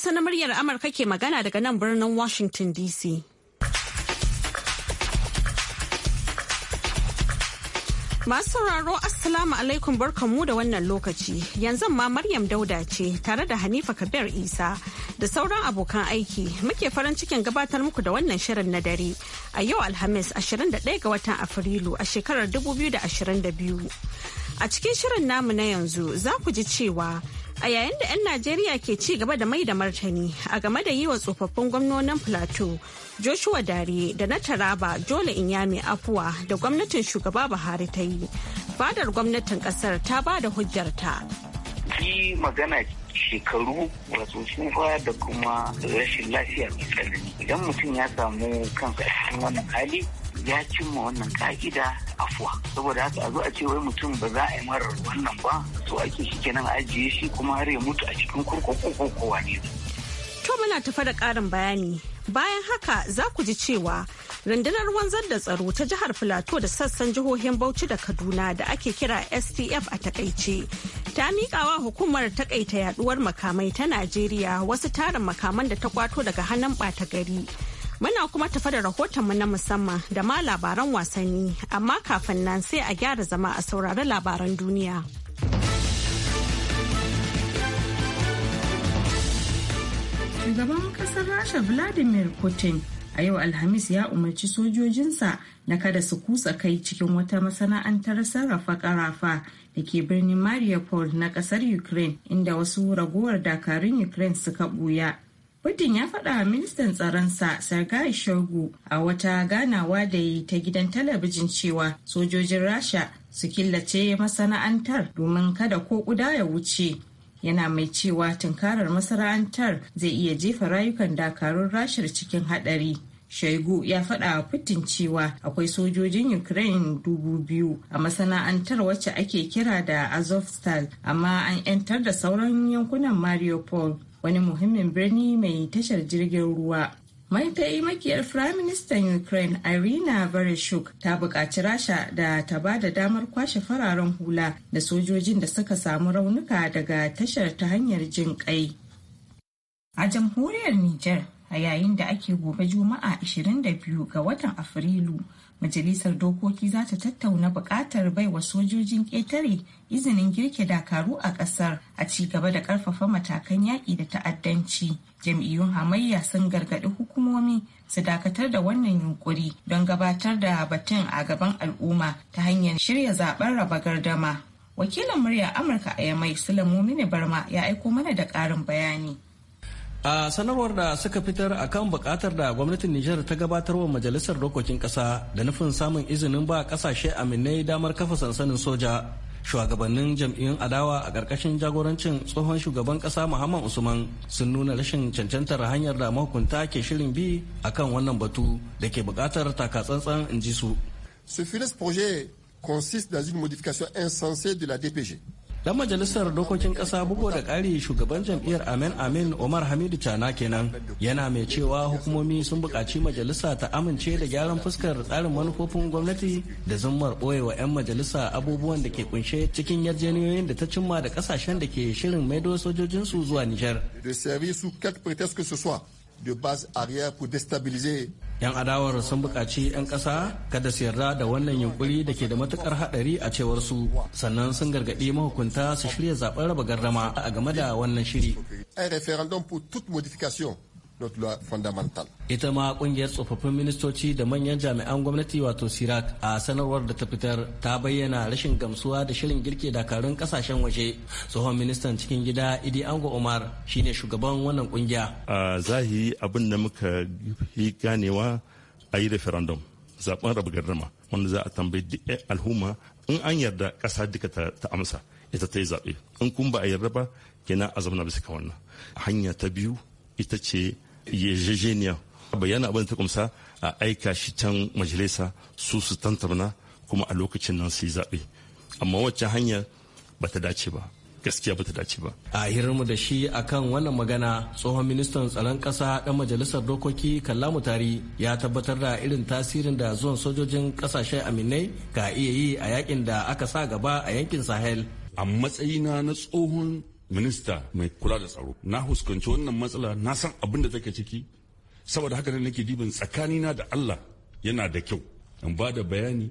Hausa na muryar Amurka ke magana daga nan birnin Washington DC. Masu sauraro Assalamu alaikum barkanmu da wannan lokaci. Yanzu ma Maryam Dauda ce tare da Hanifa Kabir Isa da sauran abokan aiki muke farin cikin gabatar muku da wannan shirin na dare a yau Alhamis 21 ga watan Afrilu a shekarar 2022. A cikin shirin namu na yanzu za ku ji cewa a yayin da 'yan najeriya ke ci gaba da mai da martani a game da yi wa tsofaffin gwamnonin plateau joshua dare da na taraba jole inyami afuwa da gwamnatin shugaba buhari ta yi fadar gwamnatin kasar ta ba da hujjarta yi magana shekaru wato da kuma rashin lafiya mai tsanani idan mutum ya samu kansa cikin wannan hali ya cimma wannan ka'ida afuwa saboda haka a zo a ce wai mutum ba za a yi marar wannan ba so ake shi kenan ajiye shi kuma har ya mutu a cikin kurkuku ko kowa ne to muna tafa da karin bayani bayan haka za ku ji cewa rundunar wanzar da tsaro ta jihar filato da sassan jihohin bauchi da kaduna da ake kira stf a takaice ta miƙawa hukumar takaita yaduwar makamai ta najeriya wasu tarin makaman da ta kwato daga hannun ɓata gari Muna kuma tafa da rahotonmu na musamman da ma labaran wasanni, amma kafin nan sai a gyara zama a saurari labaran duniya. Shugaban kasar Rasha Vladimir Putin a yau Alhamis ya umarci sojojinsa na kada su kutsa kai cikin wata masana'antar sarrafa karafa da ke birnin Mariupol na kasar Ukraine inda wasu ragowar dakarun Ukraine suka buya. Putin ya faɗa ministan tsaronsa Sergei Shogu a wata ganawa da yi ta gidan talabijin cewa sojojin Rasha su killace masana'antar domin kada ko ƙuda ya wuce. Yana mai cewa tunkarar masana'antar zai iya jefa rayukan dakarun rashar cikin haɗari. shaigu ya faɗa wa Putin cewa akwai sojojin Ukraine dubu biyu a masana'antar wacce ake kira da Azovstal amma an 'yantar da sauran yankunan Mariupol. wani muhimmin birni mai tashar jirgin ruwa makiyar firaministan ukraine irina vereshuk ta buƙaci rasha da ta ba da damar kwashe fararen hula da sojojin da suka samu raunuka daga tashar ta hanyar jin kai a jamhuriyar niger a yayin da ake gobe juma'a 22 ga watan afrilu Majalisar dokoki za ta tattauna buƙatar baiwa sojojin ƙetare izinin girke dakaru a ƙasar a ci gaba da ƙarfafa matakan yaƙi da ta'addanci. Jam'iyyun hamayya sun gargaɗi hukumomi su dakatar da wannan yunƙuri don gabatar da batun a gaban al'umma ta hanyar shirya zaɓen raba gardama. Wakilin murya Amurka a Yamai Sulamu Mini Barma ya aiko mana da ƙarin bayani. a sanarwar da suka fitar a kan bukatar da gwamnatin nijar ta gabatar wa majalisar dokokin kasa da nufin samun izinin ba kasashe aminai damar kafa sansanin soja shugabannin jam'iyyun adawa a ƙarƙashin jagorancin tsohon shugaban ƙasa muhammad usman sun nuna rashin cancantar hanyar da mahukunta ke shirin bi akan wannan batu da ke buƙatar takatsantsan in ji su ce projet consiste dans une modification insensée de la DPG Dan majalisar dokokin ƙasa bugo da kari shugaban jam'iyyar Amin Amin Omar Hamidu chana kenan yana mai cewa hukumomi sun buƙaci majalisa ta amince da gyaran fuskar tsarin manufofin gwamnati da zummar wa 'yan majalisa abubuwan da ke kunshe cikin yarjejeniyoyin da ta cimma da ƙasashen da ke shirin maido sojojinsu zuwa Nijar. de base pour 'Yan adawar sun buƙaci 'yan ƙasa kada su yarda da wannan yunkuri da ke da matukar haɗari a cewar su sannan sun gargaɗi mahukunta su shirya zaɓen raba gardama a game da wannan shiri. modification loi fundamental. Ita ma kungiyar tsofaffin ministoci da manyan jami'an gwamnati wato Sirak a sanarwar da ta fitar ta bayyana rashin gamsuwa da shirin girke dakarun kasashen waje. Tsohon ministan cikin gida Idi Ango Umar shine shugaban wannan kungiya. A zahiri abin da muka yi ganewa a yi referendum zaben rabu gardama wanda za a tambayi duk al'umma in an yarda kasa duka ta amsa ita ta yi zaɓe in kun ba a yarda ba kenan a zamana bisa ka wannan hanya ta biyu ita ce yarjejeniya bayyana abin ta a aika shi can majalisa su su tantarna kuma a lokacin nan su yi zaɓe amma wacce hanya ba ta dace ba gaskiya ba ta dace ba. A hirarmu da shi akan wannan magana tsohon ministan tsaron ƙasa ɗan majalisar dokoki Kalla Mutari ya tabbatar da irin tasirin da zuwan sojojin ƙasashe aminai ga iya yi a yakin da aka sa gaba a yankin Sahel. A matsayina na tsohon minista mai kula da tsaro na huskanci wannan matsala na san abin da take ciki saboda haka ne nake dibin na da Allah yana da kyau in ba da bayani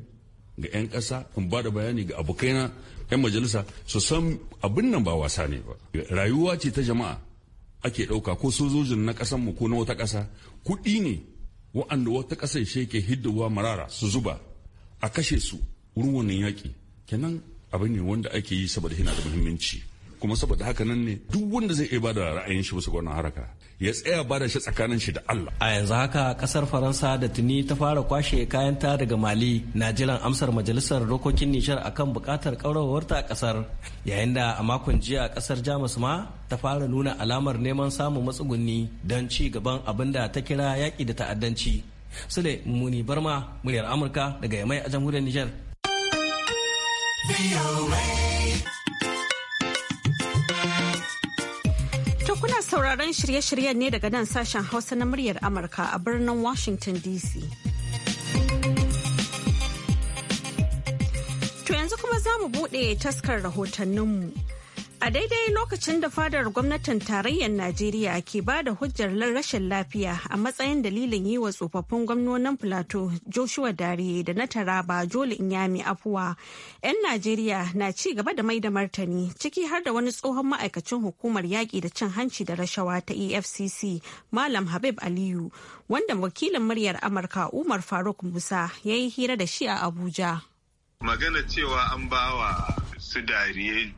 ga 'yan ƙasa in ba da bayani ga abokaina 'yan majalisa su san abin nan ba wasa ne ba rayuwa ce ta jama'a ake ɗauka ko sojojin na ƙasan mu ko na wata ƙasa kuɗi ne wa'anda wata ƙasar shi ke hiddawa marara su zuba a kashe su wurin wannan yaƙi kenan abin ne wanda ake yi saboda yana da muhimmanci kuma saboda haka nan ne duk wanda zai iya bada ra'ayin shi bisa wannan haraka ya tsaya bada shi tsakanin shi da Allah a yanzu haka kasar Faransa da tuni ta fara kwashe kayan ta daga Mali na jiran amsar majalisar dokokin Nijar akan bukatar kaurawar ta kasar yayin da a makon jiya kasar Jamus ma ta fara nuna alamar neman samun matsugunni don ci gaban abin da ta kira yaƙi da ta'addanci Sule Muni Barma muryar Amurka daga Yamai a jamhuriyar Nijar. sauraron shirye-shiryen ne daga nan sashen Hausa na muryar Amurka a birnin Washington DC. To yanzu kuma za mu buɗe taskar rahotanninmu. A daidai lokacin da fadar gwamnatin tarayyar Najeriya ke ba da hujjar rashin lafiya a matsayin dalilin yi wa tsofaffin gwamnonin Plateau Joshua Dare da na Taraba Joli Inyami afuwa, 'yan Najeriya na ci gaba da mai da martani ciki har da wani tsohon ma'aikacin hukumar yaƙi da cin hanci da rashawa ta EFCC Malam Habib Aliyu, wanda wakilin muryar Amurka Umar Faruk Musa ya yi hira da shi a Abuja. Magana cewa an bawa su dariye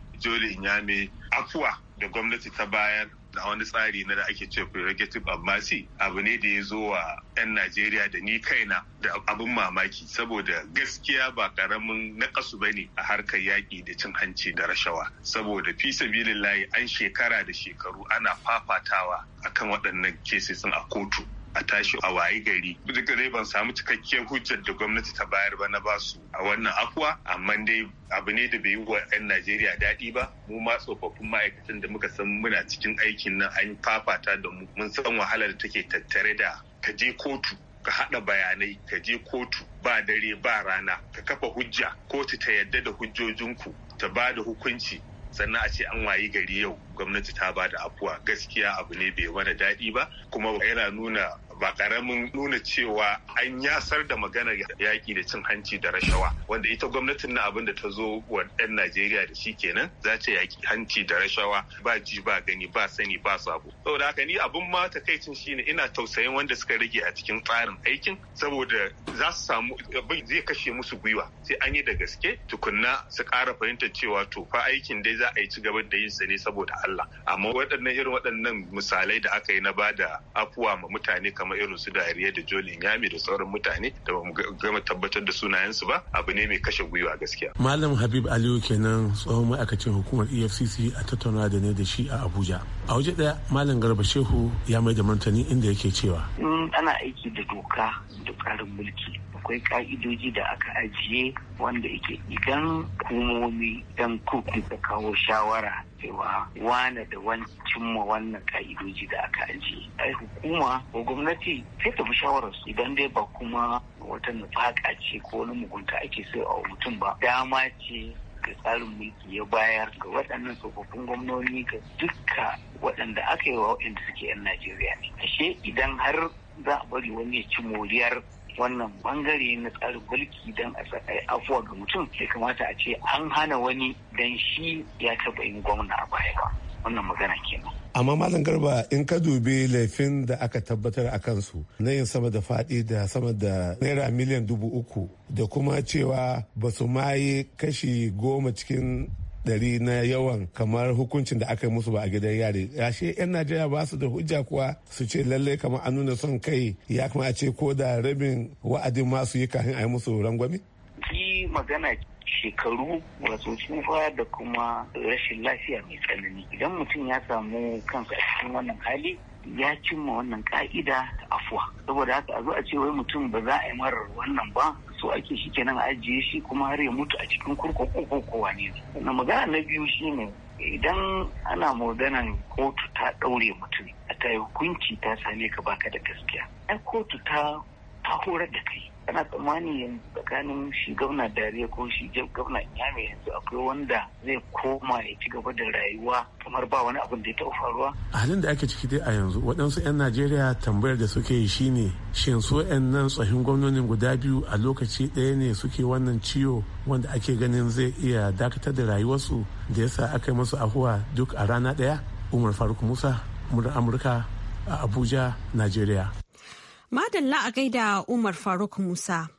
ya me afuwa da gwamnati ta bayar da wani tsari na da ake ce prerogative of mercy abu ne da ya zo wa 'yan najeriya da ni kaina da abin mamaki saboda gaskiya ba karamin nakasu ba ne a harkar yaƙi da cin hanci da rashawa saboda fi sabilin layi, an shekara da shekaru ana fafatawa akan waɗannan kesesin a kotu a tashi a wayi gari duk dai ban samu cikakkiyar hujjar da gwamnati ta bayar ba na basu a wannan akwa amma dai abu ne da bai yi wa 'yan najeriya daɗi ba mu ma tsofaffin ma'aikatan da muka san muna cikin aikin nan an fafata da mu mun san wahalar da take tattare da ka je kotu ka haɗa bayanai ka je kotu ba dare ba rana ka kafa hujja kotu ta yadda da hujjojinku ta ba da hukunci sannan a ce an wayi gari yau gwamnati ta ba da afuwa gaskiya abu ne bai mana daɗi ba kuma yana nuna ba karamin nuna cewa an yasar da magana yaƙi da cin hanci da rashawa wanda ita gwamnatin na abin da ta zo wa 'yan Najeriya da shi kenan za ce yaƙi hanci da rashawa ba ji ba gani ba sani ba sabo. Saboda haka ni abin ma takaicin shine ina tausayin wanda suka rage a cikin tsarin aikin saboda za su samu abin zai kashe musu gwiwa sai an yi da gaske tukunna su ƙara fahimtar cewa to fa aikin dai za a yi ci gaba da yin sa ne saboda Allah amma waɗannan irin waɗannan misalai da aka yi na ba da afuwa ma mutane kamar kamar irin su dariya da jolin yami da sauran mutane da ba mu gama tabbatar da sunayensu ba abu ne mai kashe gwiwa gaskiya. Malam Habib Aliyu kenan tsohon ma'aikacin hukumar EFCC a tattauna da ne da shi a Abuja. A waje ɗaya Malam Garba Shehu ya mai da martani inda yake cewa. Mm, ana aiki da doka da tsarin mulki akwai ka'idoji da aka ajiye wanda yake idan hukumomi dan kuku ta kawo shawara cewa wane da wancin ma wannan ka'idoji da aka ajiye ai hukuma ko gwamnati sai ta bi shawararsu idan dai ba kuma wata nufaka ce ko wani mugunta ake so a mutum ba dama ce ga tsarin mulki ya bayar ga waɗannan tsofaffin gwamnoni ga dukka waɗanda aka yi wa waɗanda suke 'yan Najeriya ne. Ashe idan har za a bari wani ya ci moriyar wannan bangare na tsarin mulki don a afuwa ga mutum ya kamata a ce an hana wani don shi ya taɓa yin gwamna a baya ba wannan magana kenan amma malam garba in ka dubi laifin da aka tabbatar a kansu na yin sama da faɗi da sama da naira miliyan dubu uku da kuma cewa ba su maye kashi goma cikin Dari na yawan kamar hukuncin da aka yi musu ba a gidan yari yashe 'yan najeriya ba su da hujja kuwa su ce lallai kamar an nuna son kai ya kuma a ce ko da rabin wa'adin masu yi kafin a yi musu rangwame yi magana shekaru wato tsufa da kuma rashin lafiya mai tsanani idan mutum ya samu kansa a cikin wannan hali ya cimma wannan ka'ida ta afuwa saboda haka a zo a ce wai mutum ba za a yi marar wannan ba so ake shi kenan a ajiye shi kuma har ya mutu a cikin kurkuku ko kowa ne na magana na biyu shine idan ana maganan kotu ta ɗaure mutum a ta hukunci ta same ka baka da gaskiya ai kotu ta horar da kai kana tsammani yanzu tsakanin shi gwamna dariya ko shi gwamna nyame yanzu akwai wanda zai koma ya ci gaba da rayuwa kamar ba wani abin da ya taɓa faruwa. a halin da ake ciki dai a yanzu waɗansu 'yan najeriya tambayar da suke yi shine shin su 'yan nan tsohin gwamnonin guda biyu a lokaci ɗaya ne suke wannan ciwo wanda ake ganin zai iya dakatar da rayuwarsu da yasa aka yi musu ahuwa duk a rana ɗaya umar faruk musa murar amurka a abuja najeriya. Madalla a gaida Umar Faruk Musa.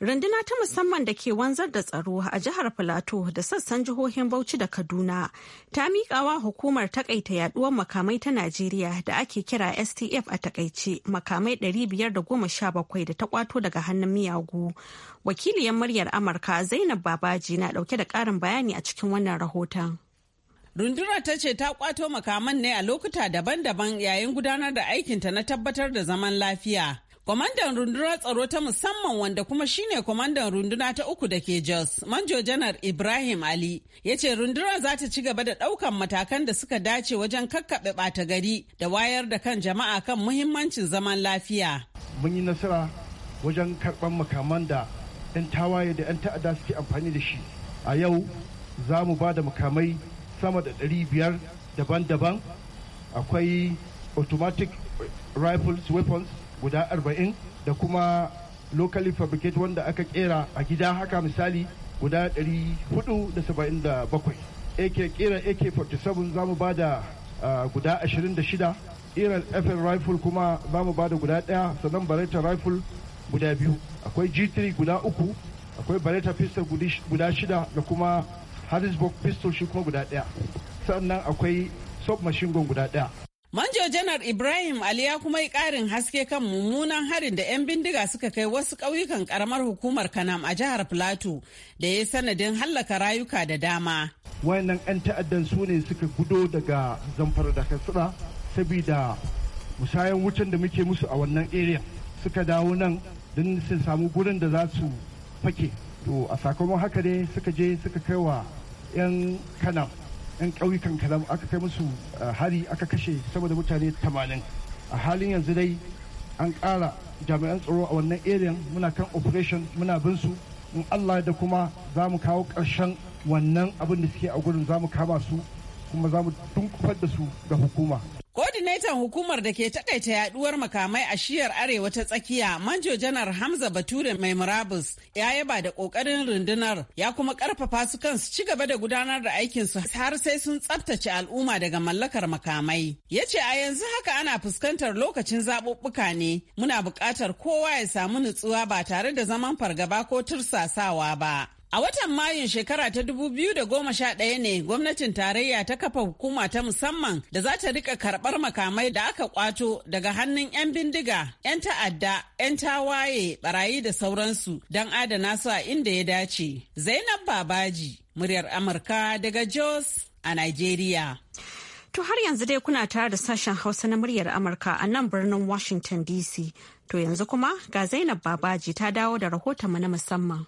Runduna ta musamman da ke wanzar da tsaro a jihar Filato da sassan jihohin Bauchi da Kaduna ta miƙawa hukumar takaita yaduwar makamai ta Najeriya da ake kira STF a takaice makamai 517 da ta kwato daga hannun miyagu. Wakiliyar muryar Amurka Zainab Babaji na dauke da ƙarin bayani a cikin wannan rahoton. Rundunar ta ce ta kwato makaman ne a lokuta daban-daban yayin gudanar da aikinta na tabbatar da zaman lafiya. Kwamandan rundunar tsaro ta musamman wanda kuma shine kwamandan runduna ta uku da ke Jos, Manjo Janar Ibrahim Ali, ya ce rundunar za ta ci gaba da ɗaukan matakan da suka dace wajen kakkaɓe ɓata gari da wayar da kan jama'a kan muhimmancin zaman lafiya. Mun yi nasara wajen karɓar makaman da 'yan tawaye da 'yan ta'adda suke amfani da shi. A yau za mu ba da makamai sama da 500 daban-daban akwai automatic rifles weapons guda 40 da kuma locally fabricated wanda aka kera a gida haka misali guda 477 ak kera ak-47 za mu bada da guda 26 iran fn rifle kuma za mu bada guda daya sannan baretta rifle guda biyu akwai g3 guda uku akwai baretta pistol guda shida da kuma harrisburg pistol shi kuma guda ɗaya sannan akwai submachine gun guda ɗaya Manjo Janar Ibrahim Ali ya kuma yi ƙarin haske kan mummunan harin da 'yan bindiga suka kai wasu ƙauyukan ƙaramar hukumar Kanam a jihar Plateau da ya sanadin hallaka rayuka da dama. Wayannan 'yan ta'addan su ne suka gudo daga zamfara da katsina saboda musayan wucin da muke musu a wannan area suka dawo nan don sun samu gurin da za su fake. To a sakamakon haka ne suka je suka kai wa 'yan kanam 'yan ƙauyukan kanam aka kai musu uh, hari aka kashe saboda mutane 80 a halin yanzu dai an ƙara jami'an tsaro a wannan area muna kan operation muna bin su in allah da kuma za mu kawo ƙarshen wannan abin da suke a gurin za mu kama su kuma za mu tunkufar da su ga hukuma Coordinator hukumar da ke takaita yaduwar makamai a shiyar arewa ta tsakiya Manjo Janar Hamza Bature mai murabus ya yaba da ƙoƙarin rundunar ya kuma ƙarfafa su kansu ci gaba da gudanar da aikinsu har sai sun tsabtace al'umma daga mallakar makamai. Ya ce a yanzu haka ana fuskantar lokacin zaɓuɓɓuka ne muna buƙatar kowa ya samu nutsuwa ba tare da zaman fargaba ko tursasawa ba. A watan Mayun shekara ta 2011 ne gwamnatin tarayya ta kafa hukuma ta musamman da za ta rika karbar makamai da aka kwato daga hannun 'yan bindiga, 'yan ta'adda, 'yan tawaye, barayi da sauransu don adana su a inda ya dace. Zainab Babaji, muryar Amurka daga Jos a Nigeria. To har yanzu dai kuna tare da sashen Hausa na muryar Amurka a nan birnin Washington DC. To yanzu kuma ga Zainab Babaji ta dawo da rahotonmu na musamman.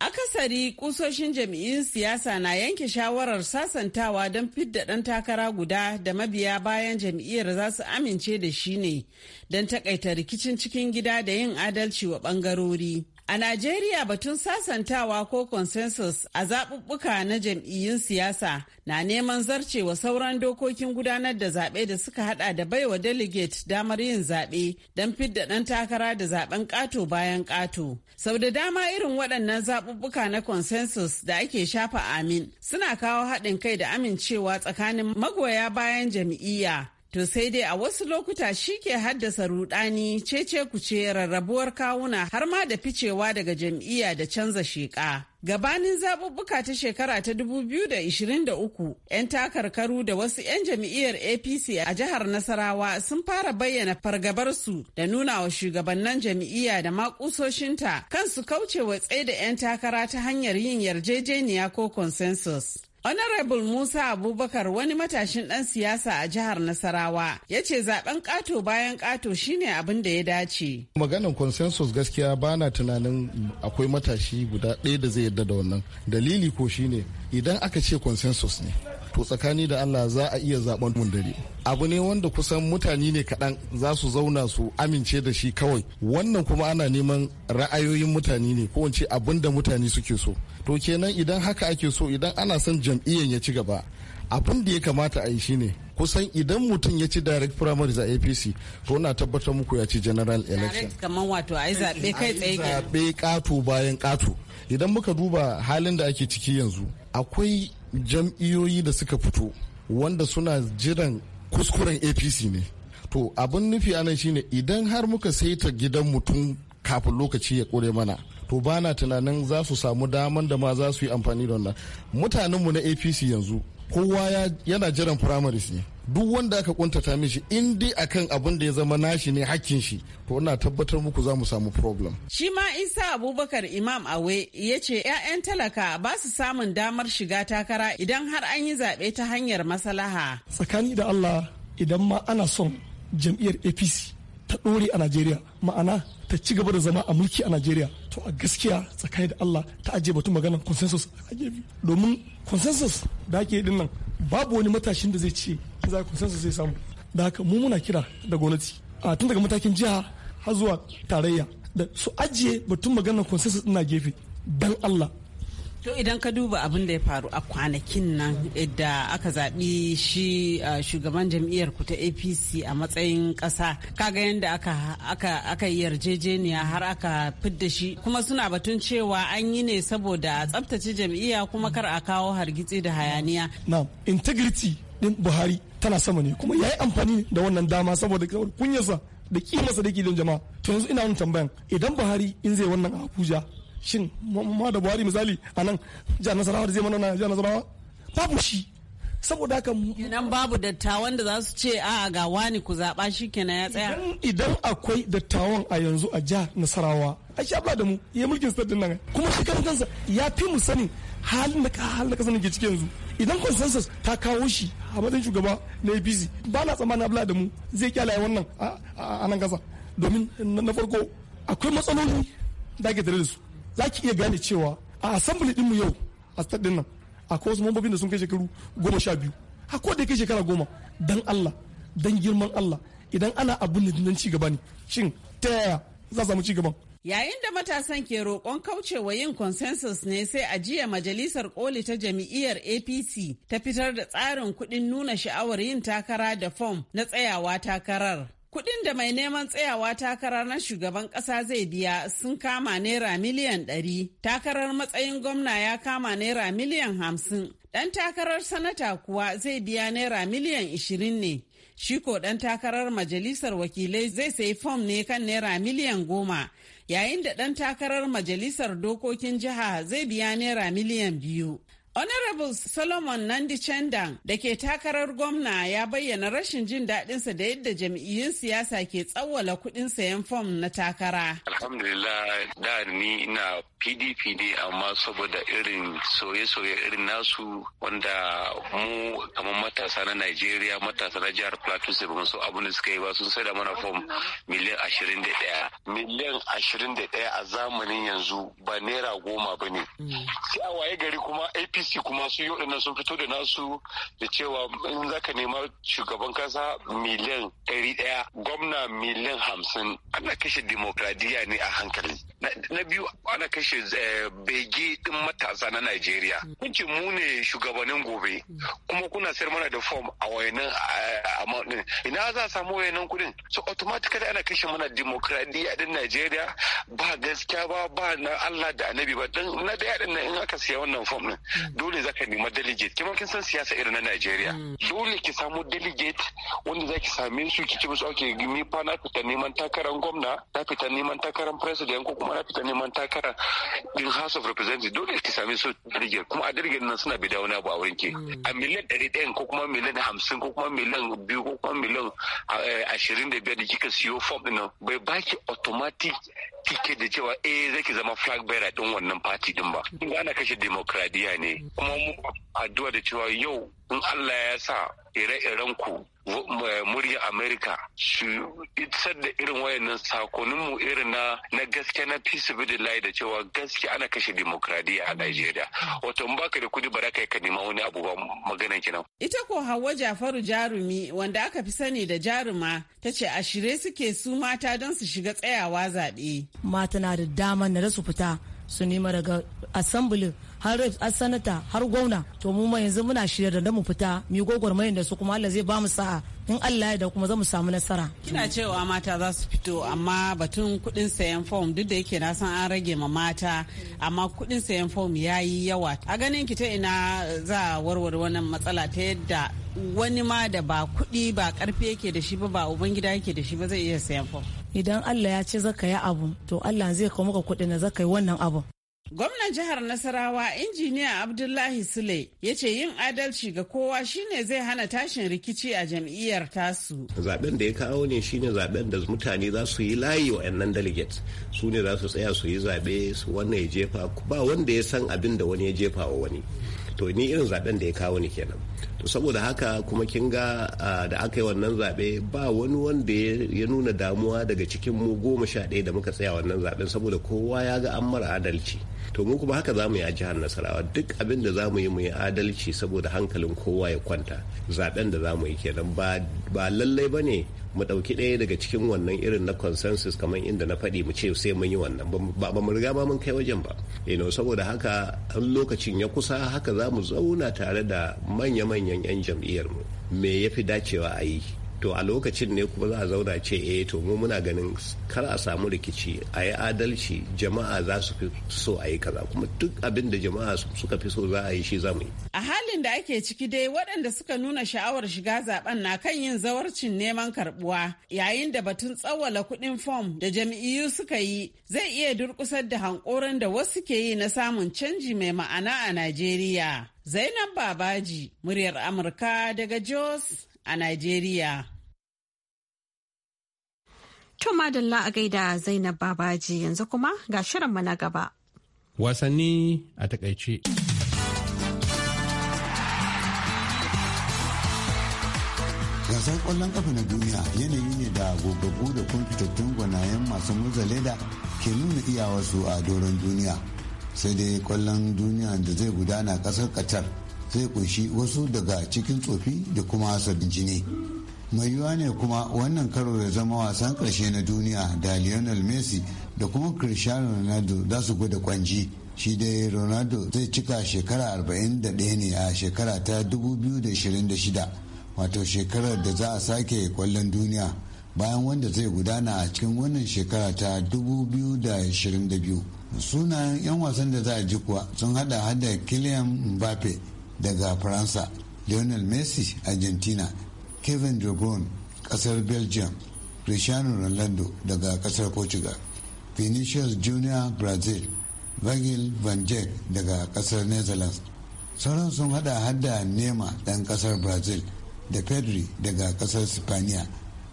Akasari kusoshin jami'in siyasa na yanke shawarar sasantawa don fidda ɗan takara guda da mabiya bayan jam'iyyar za su amince da shi ne don takaita rikicin cikin gida da yin adalci wa ɓangarori. A Najeriya batun sasantawa ko consensus a zaɓuɓɓuka na jam'iyyun siyasa na neman zarcewa sauran dokokin gudanar da zaɓe da suka hada da baiwa delegate damar yin zaɓe don fidda ɗan takara da zaɓen ƙato bayan ƙato. Sau da dama irin waɗannan zaɓuɓɓuka na consensus da ake shafa amin suna kawo haɗin kai da amincewa tsakanin magoya bayan jam'iyya To sai dai a wasu lokuta shi ke haddasa rudani cece kuce rarrabuwar kawuna har ma da ficewa daga jam'iyya da canza sheƙa. Gabanin zaɓuɓɓuka ta shekara ta 2023, 'yan takarkaru da wasu 'yan jam'iyyar APC a jihar Nasarawa sun fara bayyana fargabarsu da nuna wa shugabannin jam'iyya da makusoshinta kansu kaucewa tsaye da 'yan takara ta hanyar yin yarjejeniya ko consensus. Honorable Musa Abubakar wani matashin ɗan siyasa a jihar Nasarawa ya ce zaben kato bayan ƙato shine abin da ya dace. maganin consensus gaskiya bana tunanin akwai matashi guda ɗaya da zai yarda da wannan. Dalili ko shine idan aka ce consensus ne to tsakani da Allah za a iya zaben mun dare abu ne wanda kusan mutane ne kaɗan za su zauna su amince da shi kawai wannan kuma ana neman ra'ayoyin mutane ne ko wance abin da mutane suke so to kenan idan haka ake so idan ana son jam'iyyar ya ci gaba abin da ya kamata a yi shine kusan idan mutum ya ci direct primary za apc to na tabbatar muku ya ci general election kamar wato a yi zaɓe kai tsaye zaɓe ƙato bayan ƙato idan muka duba halin da ake ciki yanzu akwai jam'iyoyi da suka fito wanda suna jiran kuskuren apc ne to abin nufi anan shine idan har muka saita gidan mutum kafin lokaci ya kore mana to ba na tunanin za su samu daman da ma za su yi amfani da wannan mutanenmu na apc yanzu kowa yana jiran primaries ne duk wanda aka kuntata mishi in dai akan abin da ya zama nashi ne hakkin shi to ina tabbatar muku za mu samu problem shi ma isa abubakar imam awe ya ce 'ya'yan talaka ba su samun damar shiga takara idan har an yi zaɓe ta hanyar masalaha tsakani da allah idan ma ana son jam'iyyar apc ta ɗore a Najeriya ma'ana ta ci gaba da zama a mulki a Najeriya to a gaskiya tsakani da Allah ta ajiye batun maganar consensus a gefe domin consensus da ake din nan babu wani matashin da zai ce za consensus zai samu da haka mu muna kira da gwamnati a tun daga matakin jiha har zuwa tarayya da su ajiye batun maganar consensus ina gefe dan Allah To idan ka duba abin da ya faru a kwanakin nan da aka zaɓi shi shugaban jam'iyyar ku ta APC a matsayin ƙasa kaga yadda aka yi yarjejeniya har aka fidda shi kuma suna batun cewa an yi ne saboda a tsaftace jam'iyya kuma kar a kawo hargitsi da hayaniya. Na integrity din Buhari tana sama ne kuma ya yi amfani da wannan dama saboda kunyarsa da kimarsa da kilin jama'a to yanzu ina wani tambayan idan Buhari in zai wannan Abuja shin ma da buhari misali a nan jihar nasarawa da zai mana jihar nasarawa babu shi saboda haka kenan babu dattawan da za su ce a ga wani ku zaɓa shi kenan ya tsaya idan akwai dattawan a yanzu a jihar nasarawa a shi sha da mu ya mulkin sardin nan kuma shi kan kansa ya fi mu sani halin da halin da kasanin ke ciki yanzu idan consensus ta kawo shi a matsayin shugaba na APC ba na tsammanin abla da mu zai kyalaye wannan a nan kasa domin na farko akwai matsaloli da ake tare da su za ki iya gane cewa a assembly ɗinmu yau a state din nan akwai wasu mambobin da sun kai shekaru goma sha biyu a ko da kai shekara goma dan Allah dan girman Allah idan ana abun da nan ci gaba ne shin ta yaya za samu ci gaban Yayin da matasan ke roƙon kaucewa yin consensus ne sai a jiya majalisar koli ta jam'iyyar APC ta fitar da tsarin kuɗin nuna sha'awar yin takara da fom na tsayawa takarar. Kudin da mai neman tsayawa takarar na shugaban kasa zai biya sun kama naira miliyan ɗari. Takarar matsayin gwamna ya kama naira miliyan hamsin. Ɗan takarar sanata kuwa zai biya naira miliyan ishirin ne. Shi ko ɗan takarar majalisar wakilai zai sayi fom ne kan naira miliyan goma. Yayin da ɗan takarar majalisar dokokin jiha zai biya naira miliyan biyu. Honorable Solomon Nandi Chandan da ke takarar gwamna ya bayyana rashin jin daɗinsa da yadda jam'iyyun siyasa ke tsawwala kuɗin sayan fom na takara. Alhamdulillah da ni ina pdp ne amma saboda irin soye-soye irin nasu wanda mu kamar matasa na Najeriya matasa na jihar plateau sai ba so abin da suka yi ba sun sai da mana form miliyan ashirin da ɗaya miliyan ashirin da ɗaya a zamanin yanzu ba naira goma ba ne mm. sai a waye gari kuma apc kuma su yi waɗannan sun fito da nasu da cewa in za ka nema shugaban kasa miliyan ɗari ɗaya gwamna miliyan hamsin ana kashe dimokradiyya ne a hankali na biyu ana kashe ce eh, bege din matasa na Najeriya. Kun ce mu ne shugabannin gobe kuma kuna sayar mana da form a wayannan eh, amount din. Ina za a samu wayannan kuɗin? So automatically ana kashe mana demokradiyya din Najeriya ba gaskiya ba ba na Allah da Annabi ba dan na daya din nan in aka siya wannan form din dole zaka nemi delegate Kima kin san siyasa irin na Najeriya. Dole ki samu delegate wanda zaki same su ki ci musu okay ni fa na fita neman takarar gwamna na fita neman takarar president ko kuma na fita neman takarar in House of Representatives dole ki same su dirigen kuma a dirigen nan suna bi dawo na ba a wurin ke mm. a miliyan ɗari ɗayan ko kuma miliyan hamsin ko kuma miliyan biyu ko kuma miliyan eh, ashirin da biyar da kika siyo fom ɗin nan bai baki automatic kike da cewa eh zaki zama flag bearer din wannan party din ba ana kashe demokradiya ne kuma mu addu'a da cewa yau in Allah ya sa ire-iren ku eh, murya Amerika su isar da irin wayannan sakonin mu irin na gaske na peace da cewa gaske ana kashe demokradiya a Najeriya wato in baka da kudi bara kai ka nema wani abu ba maganan kinan ita ko Hawwa Jafaru Jarumi wanda aka fi sani da Jaruma tace a shirye suke su mata don su shiga tsayawa zaɓe. mata na da dama na rasu fita su nema daga assembly har sanata har gwamna to mu ma yanzu muna shirya da mu fita mu gwagwarmayar da su kuma Allah zai ba mu sa'a in Allah ya da kuma za mu samu nasara kina cewa mata za su fito amma batun kudin sayan form duk da yake na san an rage ma mata amma kudin sayan form yayi yawa a ganin ki ta ina za warware wannan matsala ta yadda wani ma da ba kudi ba karfi yake da shi ba ba ubangida yake da shi ba zai iya sayan form idan Allah ya ce zaka yi abu to Allah zai kawo maka kuɗin na zaka yi wannan abu Gwamnan jihar Nasarawa injiniya Abdullahi Sule ya ce yin adalci ga kowa shine zai hana tashin rikici a jam'iyyar tasu. Zaben da ya kawo ne shine zaben da mutane za su yi layi wa 'yan delegates su ne za su tsaya su yi zaɓe su wannan ya jefa ba wanda ya san abin da wani ya jefa wa wani. To ni irin zaben da ya kawo ne kenan. saboda haka kuma kin ga da aka yi wannan zaɓe ba wani wanda ya nuna damuwa daga cikin mu goma sha ɗaya da muka tsaya wannan zaɓen saboda kowa ya ga an mara adalci to mu kuma haka za mu yi a jihar nasarawa duk abin da za mu yi mu yi adalci saboda hankalin kowa ya kwanta zaɓen da za mu yi kenan ba lallai ba ne mu ɗauki ɗaya daga cikin wannan irin na consensus kamar inda na faɗi mu ce sai mun yi wannan ba mu riga ma mun kai wajen ba ino saboda haka lokacin ya kusa haka za mu zauna tare da manya-manyan 'yan jam'iyyar mu me ya fi dacewa a yi to a lokacin ne kuma za a zauna ce eh to mu muna ganin kar a samu rikici a yi adalci jama'a za su fi so a yi kaza kuma duk abin da jama'a suka fi so za a yi shi za yi a halin da ake ciki dai waɗanda suka nuna sha'awar shiga zaben na kan yin zawarcin neman karbuwa yayin da batun tsawwala kuɗin fom da jam'iyyu suka yi zai iya durƙusar da hankoran da wasu ke yi na samun canji mai ma'ana a Najeriya. Zainab Babaji, muryar Amurka daga Jos a Najeriya. To madalla a gaida Zainab Babaji yanzu kuma ga shirin na gaba. Wasanni a takaice. gasar kwallon kafa na duniya yanayi ne da gogaggu da kun fitattun gwanayen masu murza leda ke nuna iyawarsu a doron duniya sai dai kwallon duniya da zai gudana kasar qatar zai kunshi wasu daga cikin tsofi da kuma sabbin jini mai yiwuwa ne kuma wannan karo ya zama wasan karshe na duniya da lionel messi da kuma cristiano ronaldo za su gwada kwanji shi dai ronaldo zai cika shekara 41 ne a shekara ta 2026 wato shekarar da za a sake kwallon duniya bayan wanda zai gudana a cikin wannan shekara ta 2022 sunayen 'yan wasan da za a ji kuwa sun hada hada kilian mbappe daga faransa lionel messi argentina kevin de bruyne kasar belgium cristiano ronaldo daga kasar portugal vinicius junior brazil virgil van dijk daga kasar netherlands sauran sun hada hada nema dan kasar brazil da pedri daga kasar spaniya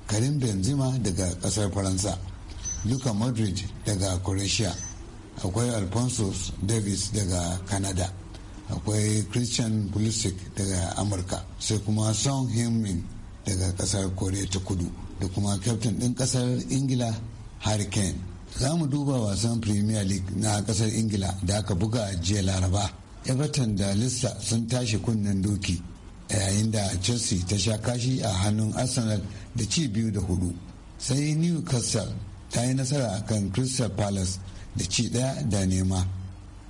karim benzema daga kasar faransa luka modric daga croatia akwai alphonsus davis daga canada akwai christian pulisic daga amurka sai kuma song heung daga kasar korea ta kudu da kuma captain din kasar ingila harry kane za mu duba wasan premier league na kasar ingila da aka buga jiya laraba everton da lista sun tashi kunnen doki yayin da chelsea ta sha kashi a hannun arsenal da ci biyu da hudu sai newcastle ta yi nasara a kan crystal palace da ci daya da nema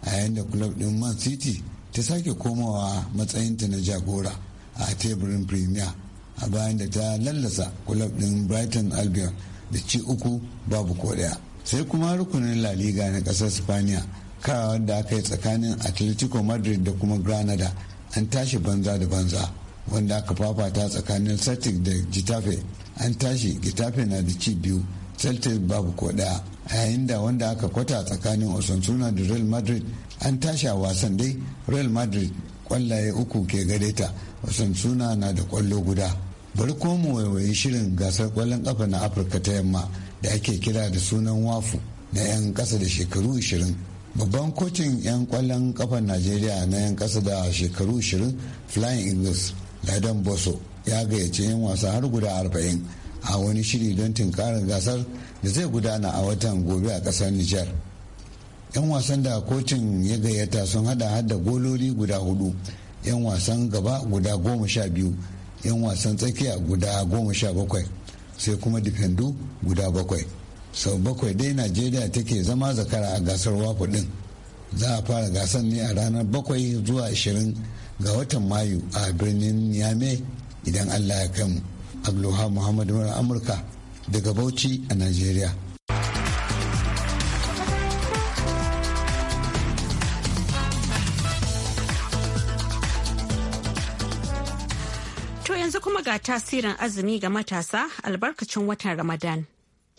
a yayin da club din man city ta sake komawa matsayinta na jagora a teburin premier a bayan da ta lallasa kulab din brighton albion da ci uku babu ko daya sai kuma rukunin la liga na kasar spaniya kawai da aka yi tsakanin atletico madrid da kuma granada an tashi banza da banza wanda aka fafata tsakanin celtic da gitafe an tashi gitafe na da ci biyu celtic babu ko daya a yayin da wanda aka kwata tsakanin osasuna da real madrid an tashi a wasan dai real madrid kwallaye uku ke gare ta wasan suna na da kwallo guda bari kuma mu waiwayi shirin gasar kwallon kafa na afirka ta yamma da ake kira da sunan wafu na 'yan kasa da shekaru 20 babban kocin 'yan kwallon kafa najeriya na 'yan kasa da shekaru 20 flying eagles ladan boso ya gayyace 'yan wasa har guda 40 a wani shiri don tunkarin gasar da zai gudana a watan gobe a kasar nijar 'yan wasan da kocin ya gayyata sun hada hada gololi guda hudu 'yan wasan gaba guda goma sha biyu 'yan wasan tsakiya guda goma sha bakwai sai kuma difendu guda bakwai sau bakwai dai najeriya take zama zakara a gasar wafu din za a fara gasar ne a ranar bakwai zuwa ashirin ga watan mayu a birnin yame idan allah ya kai mu abdulhamu muhammadu amurka daga bauchi a najeriya yanzu kuma ga tasirin azumi ga matasa albarkacin watan Ramadan.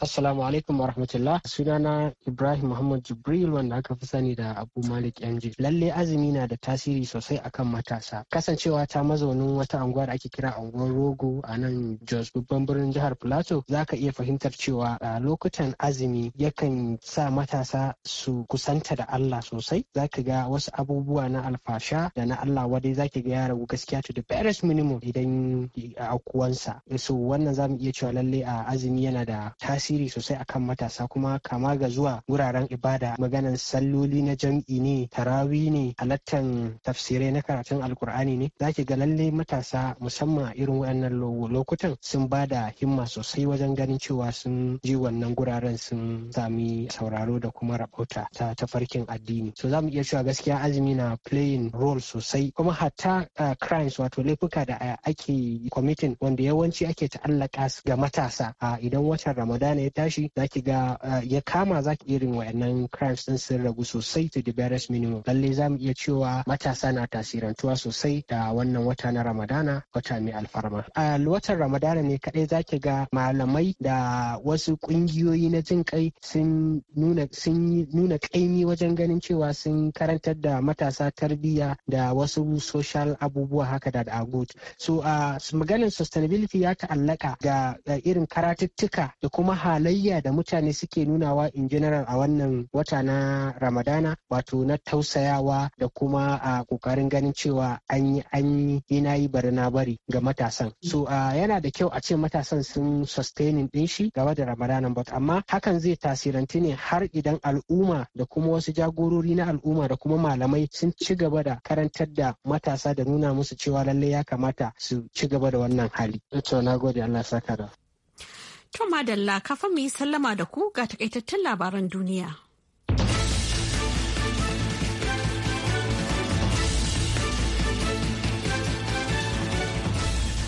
Assalamu alaikum wa rahmatullah. Sunana Ibrahim Muhammad Jibril wanda aka fi sani da Abu Malik Yanji. Lalle azumi na da tasiri sosai akan matasa. Kasancewa ta mazaunin wata anguwa da ake kira anguwar Rogo a nan Jos babban birnin jihar Plateau za ka iya fahimtar cewa a lokutan azumi yakan sa matasa su kusanta da Allah sosai. Za ka ga wasu abubuwa na alfasha da na Allah wadai za ka ga ya ragu gaskiya to the barest minimum idan a kuwansa. So wannan za mu iya cewa lalle a azumi yana da tasiri tasiri sosai akan matasa kuma kama ga zuwa guraren ibada maganan salloli na jam'i ne tarawi ne halattan tafsirai na karatun alkur'ani ne zaki ga lalle matasa musamman a irin waɗannan lokutan sun ba da himma sosai wajen ganin cewa sun ji wannan guraren sun sami sauraro da kuma rabauta ta tafarkin addini so zamu iya cewa gaskiya azumi na playing role sosai kuma hatta ah, crimes wato laifuka da ake committing wanda yawanci ake ta'allaka ga matasa a ah, idan watan ramadan Ghana ya tashi zaki ga eh, ya kama zaki irin wayannan crimes din sun ragu sosai to the barest minimum lalle za mu iya cewa matasa na tasirantuwa sosai da wannan wata na Ramadana wata mai alfarma a watan Ramadana ne kadai zaki ga malamai da wasu kungiyoyi na jin kai sun nuna sun nuna kaimi wajen ganin cewa sun karantar da matasa tarbiyya da wasu social abubuwa haka da agot so a ah, maganin sustainability ya ta'allaka ga eh, irin karatuttuka da kuma halayya da mutane suke nunawa in general a wannan wata na ramadana wato na tausayawa da kuma a kokarin ganin cewa an yi an yi na yi bari na bari ga matasan so yana da kyau a ce matasan sun sustaining din shi gaba da ramadanan but amma hakan zai tasiranti ne har idan al'umma da kuma wasu jagorori na al'umma da kuma malamai sun ci gaba da karantar da matasa da nuna musu cewa lallai ya kamata su ci gaba da wannan hali. Ito na gode Allah saka da. To madalla kafa mu yi sallama da ku ga takaitattun labaran duniya.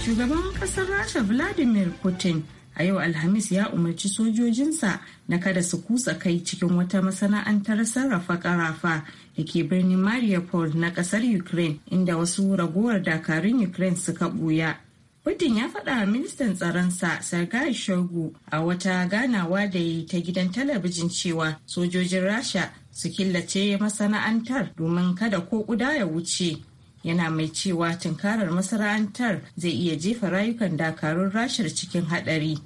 Shugaban kasar Rasha Vladimir Putin a yau Alhamis ya umarci sojojinsa na kada su kusa kai cikin wata masana'antar sarrafa karafa da ke birnin Mariupol na kasar Ukraine inda wasu ragowar dakarun Ukraine suka buya. Putin ya faɗa ministan tsaronsa Sergei Shogu a wata ganawa da yi ta gidan talabijin cewa sojojin Rasha su killace masana'antar domin kada ko ƙuda ya wuce. Yana mai cewa tunkarar masana'antar zai iya jefa rayukan dakarun rashar cikin haɗari.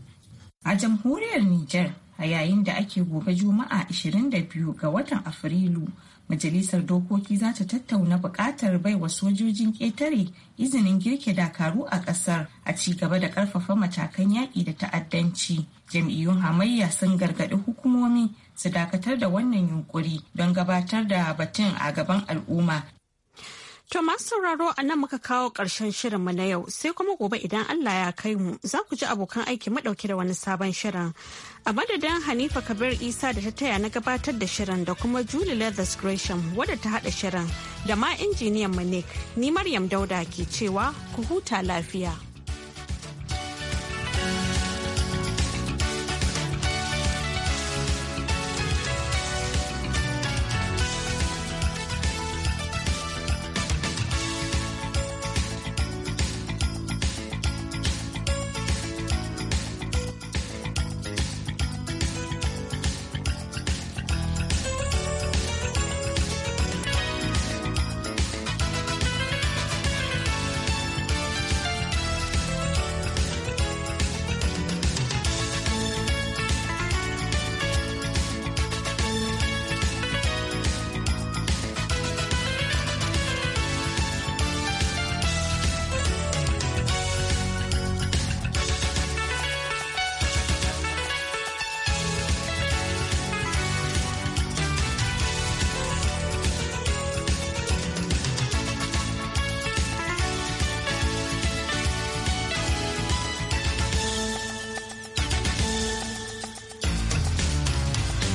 A jamhuriyar Nijar, a yayin da ake gobe Juma'a 22 ga watan Afrilu, Majalisar dokoki za ta tattauna buƙatar baiwa sojojin ƙetare izinin girke dakaru a ƙasar a ci gaba da ƙarfafa matakan yaƙi da ta'addanci. Jam'iyyun hamayya sun gargaɗi hukumomi su dakatar da wannan yunƙuri don gabatar da batun a gaban al'umma To masu sauraro a nan muka kawo ƙarshen shirinmu na yau sai kuma gobe idan Allah ya kai mu za ku ji abokan aiki madauke da wani sabon shirin. A madadin Hanifa Kabir Isa da ta taya na gabatar da shirin da kuma Julie Leathers Gresham wadda ta haɗa shirin da ma injiniyan Manik ni Maryam Dauda ke cewa ku huta lafiya.